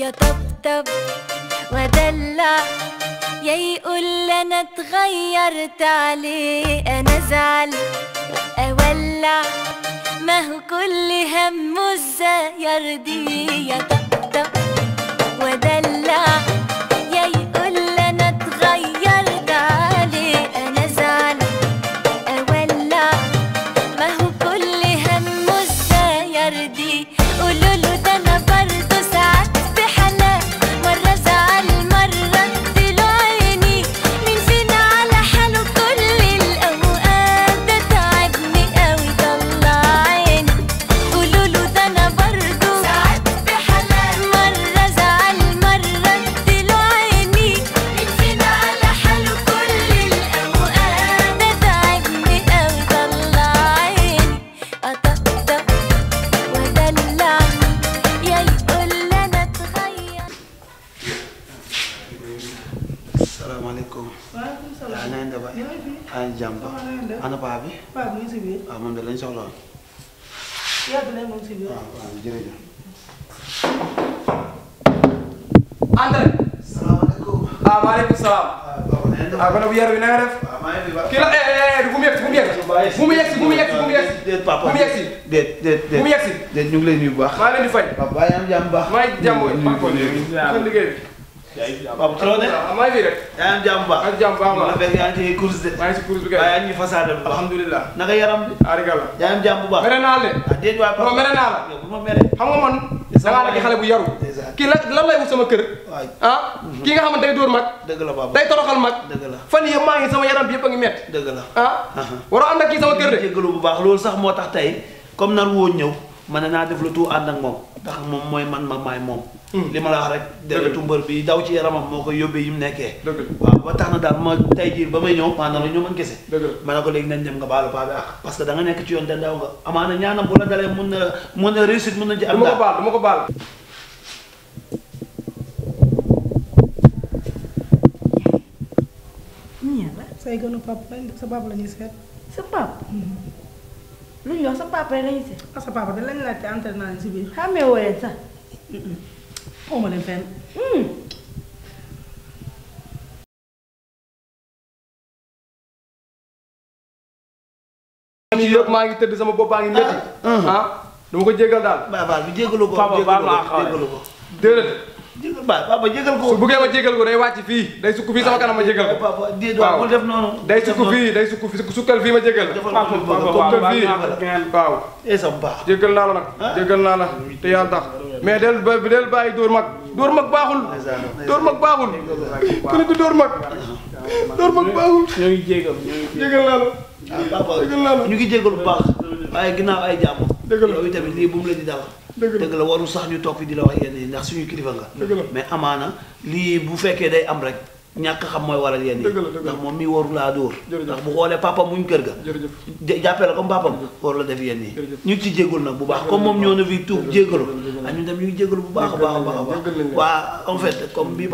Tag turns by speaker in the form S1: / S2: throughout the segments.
S1: يا طبطب ودلع يا يقول انا اتغيرت عليه انا ازعل اولع ما هو كل همه الزير دي طبطب waaw na
S2: ngeen def waay yaa ngi jàmm ana paa bi. paa bi ngi si biir. waaw moom de lañ soxla woon. yàgg na moom si biir. waaw ah, waaw jërëjëf. André. salaamaaleykum. ah maaleykum salaam. ah kon ah, bu yar bi na nga def. Ah, kii la eh, eh, eh, bu mu yegsi bu mu yegsi. bu mu yegsi bu mu yegsi bu mu yegsi. déet papa bu mu yegsi. déet déet déet bu mu yegsi. déet ñu ngi lay nuyu bu baax. maa ngi leen di fay. papa yaa ngi jàmm bu baax. maa ngi jàmm bu baax. yaa ngi jàmm Pape trop de. waaw ah, maa ngi fi rek. yaa ngi jàmm baax. maa baax la fekk yaa ngi ci course de. maa ngi ci bu baax. alhamdulilah naa de. ah déedéet waay Pape bu ma mere xam nga man. da ngaa nekk kii la lan lay sama kër. waay ah kii nga xamante day dóor mag. dëgg la Pape day toroxal mag. dëgg la fan yii maa ngi sama yëpp a ngi métti. dëgg la ah. waroo ànd ak kii sama kër de. bu baax loolu sax moo tax tey comme nar woon ñëw man naa def lu tuut ànd ak moom moom mooy man ma maay moom Hmm. li ma la wax rek deretu mbër bi daw ci yaramam moo ko yóbbee yi mu nekkee waaw ba tax na daal ma tey jii ba may ñëw pendant ñu mën kese ma ne ko léegi nañ dem nga baalu paa bi ak nekk ci yoon te ndaw nga amaana ñaanam bu la dalee mun na mun na réussite mun na ci am daal a ma ko baal du ma ko baal say gënu pap lañ sa pap la ñuy seet sa pap mm-hmm. lu ñu wax sa pap lañ lañuy seet ah sa papa da lañ laajte entraînement si biir xàmmee woo leen sax
S1: oo ma leen fenn. nii yëpp maa ngi tëdd sama bopp baa
S2: ngi métti. Ah. Uh-huh. ah dama ko jégal daal. bi jégalu ko papa baal ma jégalu ko déedéet. jégal papa jégal ko. su buggee ma jégal ko day wàcc fii day sukk fii sama kanam ma jégal ko. papa déedéet waaw def noonu. day sukk fii day sukk sukkal fii ma jégal la. naa la nag ah. jégal naa la te yaa tax. mais del ba del bàyyi dóor mag dóor mag baaxul. dóor mag baaxul. ku ne ko dóor mag. dóor mag baaxul. ñu ngi jégal ah, jégal naa la. ñu ngi jégal bu baax. waaye ginnaaw ay jàmm. dëgg la tamit lii bu mu la di dal. dëgg la warul sax ñu topp di la wax yenn yi ndax suñu kilifa nga. mais amaana lii bu fekkee day am rek. ñàkk xam mooy waral yenn yi ndax moom mi waru laa dóor ndax bu xoolee papam muñ kër ga jàppee la comme papam waru la def yenn yi ñu ci jégalu nag bu baax comme moom ñoo na fi tuub jégalu ah ñun tam ñu ngi jégalu bu baax a baax a baax a baax waa en fait comme bii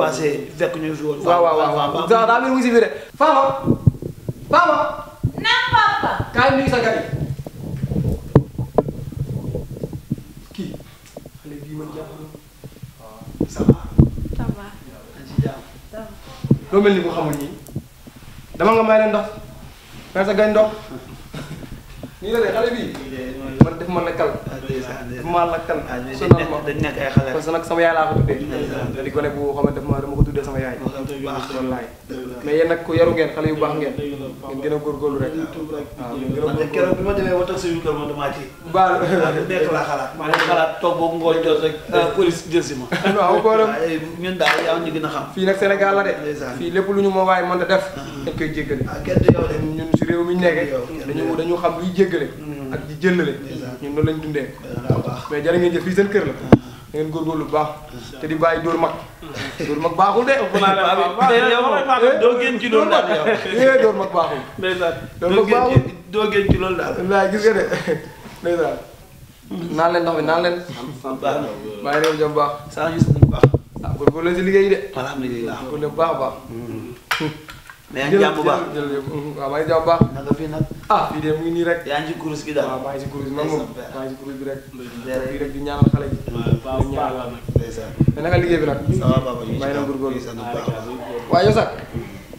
S2: doo mel ni ku xamul nii dama nga may leen ndox perte gañ ndox nii la de xale bi man def ma lakkal def ma lakkal sonal ma dañ nekk ay xale parce que nag sama yaay laa ko tuddee di gone bu xamante ma dama ko tuddee sama yaay wallaay mais yéen yu baax ngeen ngeen gën a góorgóorlu rek waaw keroog bi ma demee wata suñu ma damaa ci baal nekk laa xalaat rek ah. euh, si ma waaw ko ñun daal yaa ñu gën xam fii nag Sénégal la de fii lépp lu ñu ma waaye mën a def ah. dañ koy jéggale ah, kenn du yow de ñun si réew mi ñu nekkee dañu dañu xam luy jéggale hmm. ak di jëllale ñun noonu lañ dundee mais jërë ngeen jëf fii seen kër la hmm. da ngeen góorgóorlu bu baax te di bàyyi dóor mag hmm. dóor mag baaxul de doo génn ci loolu daal dóor mag baaxul dóor mag baaxul doo génn ci loolu daal laa gis nga de ndeysaan naan leen ndox mi naan leen bàyyi réew jom baax saa yu baax ah góorgóorlu si liggéey de alhamdulilah góorgóorlu bu baax a baax mais yaa ngi jàmm bu baax nag. ah fii rek. yaa ngi ci bi rek. fii rek di liggéey bi nag. ça va papa ñu ngi na góorgóorlu waaw sax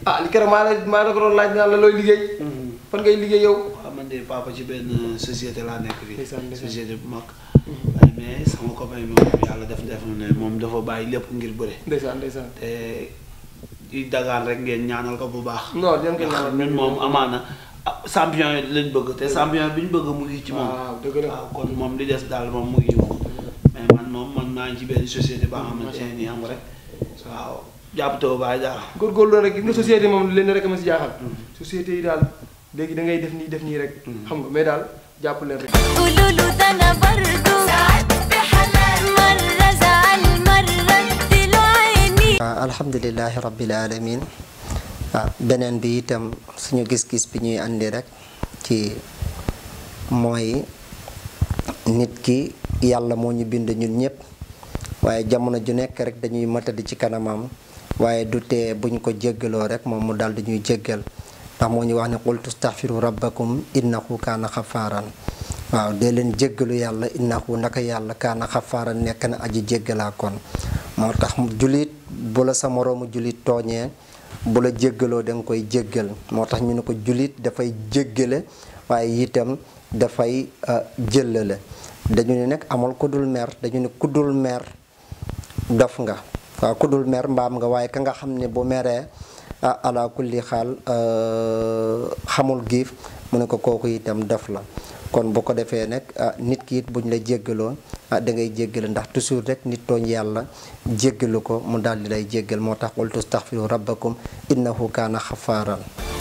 S2: ah li maa la maa laaj naan la looy liggéey. Mm-hmm. fan ngay liggéey yow. waaw man de papa ci benn euh, société laa nekk fii. société bu mag. Mm-hmm. mais sama copain moom yàlla def def moom dafa bàyyi lépp ngir bëre. ndeysaan te di dagaan rek ngeen ñaanal ko bu baax. non ngeen ko ñaanal ñun moom amaana. Ah, champion yi lañ bëgg te champion bi ñu bëgg mu ngi ci moom. waaw ah, dëgg la ah, kon moom li des daal moom mu ngi moom. mais man moom man maa ngi ci benn société ba nga mm-hmm. xamante ne nii am rek. waaw jàpp taw baay daal. góorgóorlu rek gis nga mm-hmm. société moom leen rek ma si jaaxal. Mm-hmm. société yi daal léegi da ngay def nii def nii rek. xam nga mais daal jàpp leen rek.
S3: Ah, alhamdulilahi rabbil alamin waaw ah, beneen bi itam suñu gis-gis bi ñuy àndi rek ci mooy nit ki yàlla moo ñu bind ñun ñëpp waaye jamono ju nekk rek dañuy matadi ci kanamam waaye du tee buñ ko jéggaloo rek moom mu dal di ñuy jéggal ndax moo ñu wax ne qul tustaxfiru rabbakum innahu kaana xafaaran waaw dee leen jéggalu yàlla innahu naka yàlla kaana xafaaran nekk na aji jéggalaa moo tax jullit bu la sa moroomu jullit tooñee bu la jéggaloo da nga koy jéggal moo tax ñu ne ko jullit dafay jéggale waaye itam dafay euh, jëllale dañu ne nag amul ku dul mer dañu ne kuddul dul mer dof nga waaw ku dul mer mbaam nga waaye ka nga xam ne bu meree ah, ala kulli xaal euh, xamul giif mu ne ko kooku itam dof la kon bu ko defee nag ah, nit ki bu buñ la jéggaloon ah da ngay jéggale ndax toujours rek nit tooñ yàlla jéggalu ko mu daal lay jéggal moo tax qul tastaghfiru rabbakum innahu kaana xafaaran